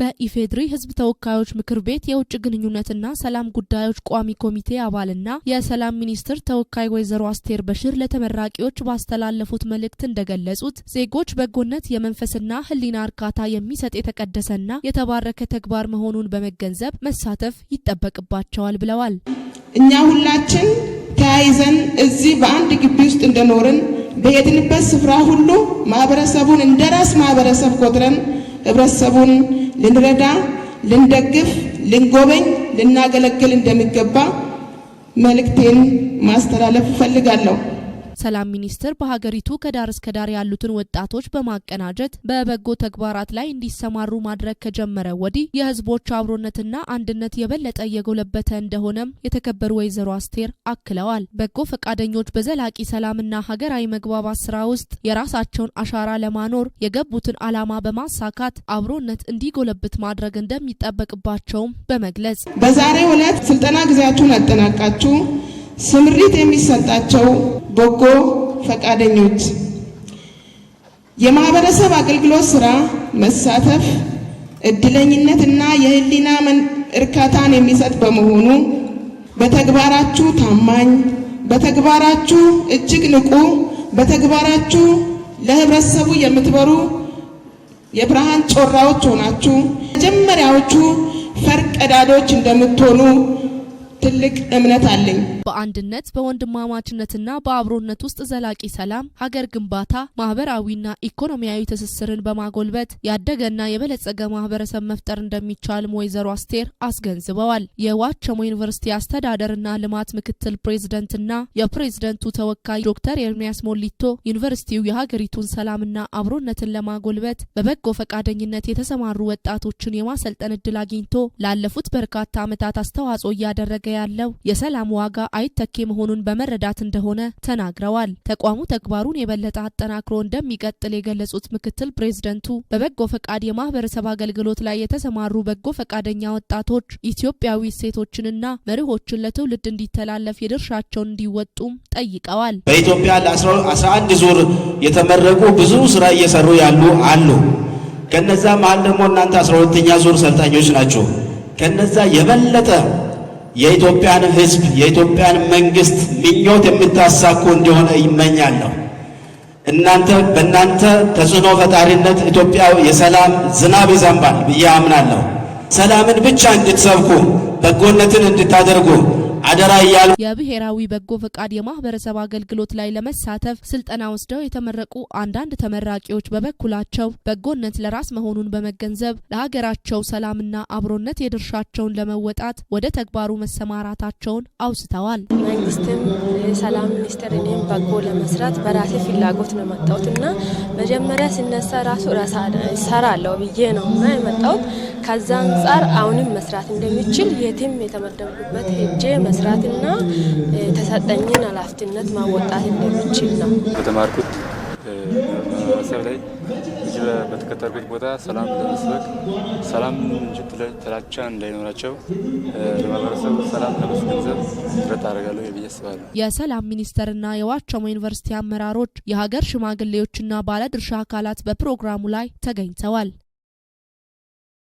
በኢፌድሪ ሕዝብ ተወካዮች ምክር ቤት የውጭ ግንኙነትና ሰላም ጉዳዮች ቋሚ ኮሚቴ አባልና የሰላም ሚኒስትር ተወካይ ወይዘሮ አስቴር በሽር ለተመራቂዎች ባስተላለፉት መልእክት እንደገለጹት ዜጎች በጎነት የመንፈስና ህሊና እርካታ የሚሰጥ የተቀደሰና የተባረከ ተግባር መሆኑን በመገንዘብ መሳተፍ ይጠበቅባቸዋል ብለዋል። እኛ ሁላችን ተያይዘን እዚህ በአንድ ግቢ ውስጥ እንደኖርን በሄድንበት ስፍራ ሁሉ ማህበረሰቡን እንደራስ ማህበረሰብ ቆጥረን ህብረተሰቡን ልንረዳ፣ ልንደግፍ፣ ልንጎበኝ፣ ልናገለግል እንደሚገባ መልእክቴን ማስተላለፍ እፈልጋለሁ። ሰላም ሚኒስቴር በሀገሪቱ ከዳር እስከ ዳር ያሉትን ወጣቶች በማቀናጀት በበጎ ተግባራት ላይ እንዲሰማሩ ማድረግ ከጀመረ ወዲህ የህዝቦች አብሮነትና አንድነት የበለጠ እየጎለበተ እንደሆነም የተከበሩ ወይዘሮ አስቴር አክለዋል። በጎ ፈቃደኞች በዘላቂ ሰላምና ሀገራዊ መግባባት ስራ ውስጥ የራሳቸውን አሻራ ለማኖር የገቡትን ዓላማ በማሳካት አብሮነት እንዲጎለብት ማድረግ እንደሚጠበቅባቸውም በመግለጽ በዛሬው ዕለት ስልጠና ጊዜያችሁን አጠናቃችሁ ስምሪት የሚሰጣቸው በጎ ፈቃደኞች የማህበረሰብ አገልግሎት ስራ መሳተፍ እድለኝነት እና የህሊና እርካታን የሚሰጥ በመሆኑ በተግባራችሁ ታማኝ፣ በተግባራችሁ እጅግ ንቁ፣ በተግባራችሁ ለህብረተሰቡ የምትበሩ የብርሃን ጮራዎች ሆናችሁ መጀመሪያዎቹ ፈርቀዳዶች እንደምትሆኑ ትልቅ እምነት አለኝ። በአንድነት በወንድማማችነትና በአብሮነት ውስጥ ዘላቂ ሰላም፣ ሀገር ግንባታ፣ ማህበራዊና ኢኮኖሚያዊ ትስስርን በማጎልበት ያደገና የበለጸገ ማህበረሰብ መፍጠር እንደሚቻልም ወይዘሮ አስቴር አስገንዝበዋል። የዋቸሞ ዩኒቨርሲቲ አስተዳደርና ልማት ምክትል ፕሬዝደንትና የፕሬዝደንቱ ተወካይ ዶክተር ኤርሚያስ ሞሊቶ ዩኒቨርሲቲው የሀገሪቱን ሰላምና አብሮነትን ለማጎልበት በበጎ ፈቃደኝነት የተሰማሩ ወጣቶችን የማሰልጠን እድል አግኝቶ ላለፉት በርካታ ዓመታት አስተዋጽኦ እያደረገ ያለው የሰላም ዋጋ አይተኬ መሆኑን በመረዳት እንደሆነ ተናግረዋል። ተቋሙ ተግባሩን የበለጠ አጠናክሮ እንደሚቀጥል የገለጹት ምክትል ፕሬዝደንቱ በበጎ ፈቃድ የማህበረሰብ አገልግሎት ላይ የተሰማሩ በጎ ፈቃደኛ ወጣቶች ኢትዮጵያዊ እሴቶችንና መርሆችን ለትውልድ እንዲተላለፍ የድርሻቸውን እንዲወጡም ጠይቀዋል። በኢትዮጵያ ለ11 ዙር የተመረቁ ብዙ ስራ እየሰሩ ያሉ አሉ። ከነዛ መሀል ደግሞ እናንተ 12ኛ ዙር ሰልጣኞች ናቸው። ከነዛ የበለጠ የኢትዮጵያን ሕዝብ የኢትዮጵያን መንግስት ምኞት የምታሳኩ እንደሆነ ይመኛለሁ። እናንተ በእናንተ ተጽዕኖ ፈጣሪነት ኢትዮጵያ የሰላም ዝናብ ይዘንባል ብዬ አምናለሁ። ሰላምን ብቻ እንድትሰብኩ በጎነትን እንድታደርጉ አደራ እያሉ የብሔራዊ በጎ ፈቃድ የማህበረሰብ አገልግሎት ላይ ለመሳተፍ ስልጠና ወስደው የተመረቁ አንዳንድ ተመራቂዎች በበኩላቸው በጎነት ለራስ መሆኑን በመገንዘብ ለሀገራቸው ሰላምና አብሮነት የድርሻቸውን ለመወጣት ወደ ተግባሩ መሰማራታቸውን አውስተዋል። መንግስትም ሰላም ሚኒስቴር እኔም በጎ ለመስራት በራሴ ፍላጎት ነው የመጣሁት እና መጀመሪያ ሲነሳ ራሱ አለው ብዬ ነው እና የመጣሁት ከዛ አንጻር አሁንም መስራት እንደሚችል የትም የተመደብኩበት ሄጄ መስራትና ተሰጠኝን ኃላፊነት ማወጣት እንደሚችል ነው በተማርኩት ማህበረሰብ ላይ እጅ በተከተልኩት ቦታ ሰላም ለመስበክ ሰላም እንጂ ጥላቻ እንዳይኖራቸው ለማህበረሰቡ ሰላም ለማስገንዘብ ጥረት አደርጋለሁ ብዬ አስባለሁ። የሰላም ሚኒስቴርና የዋቸሞ ዩኒቨርሲቲ አመራሮች፣ የሀገር ሽማግሌዎችና ባለድርሻ አካላት በፕሮግራሙ ላይ ተገኝተዋል።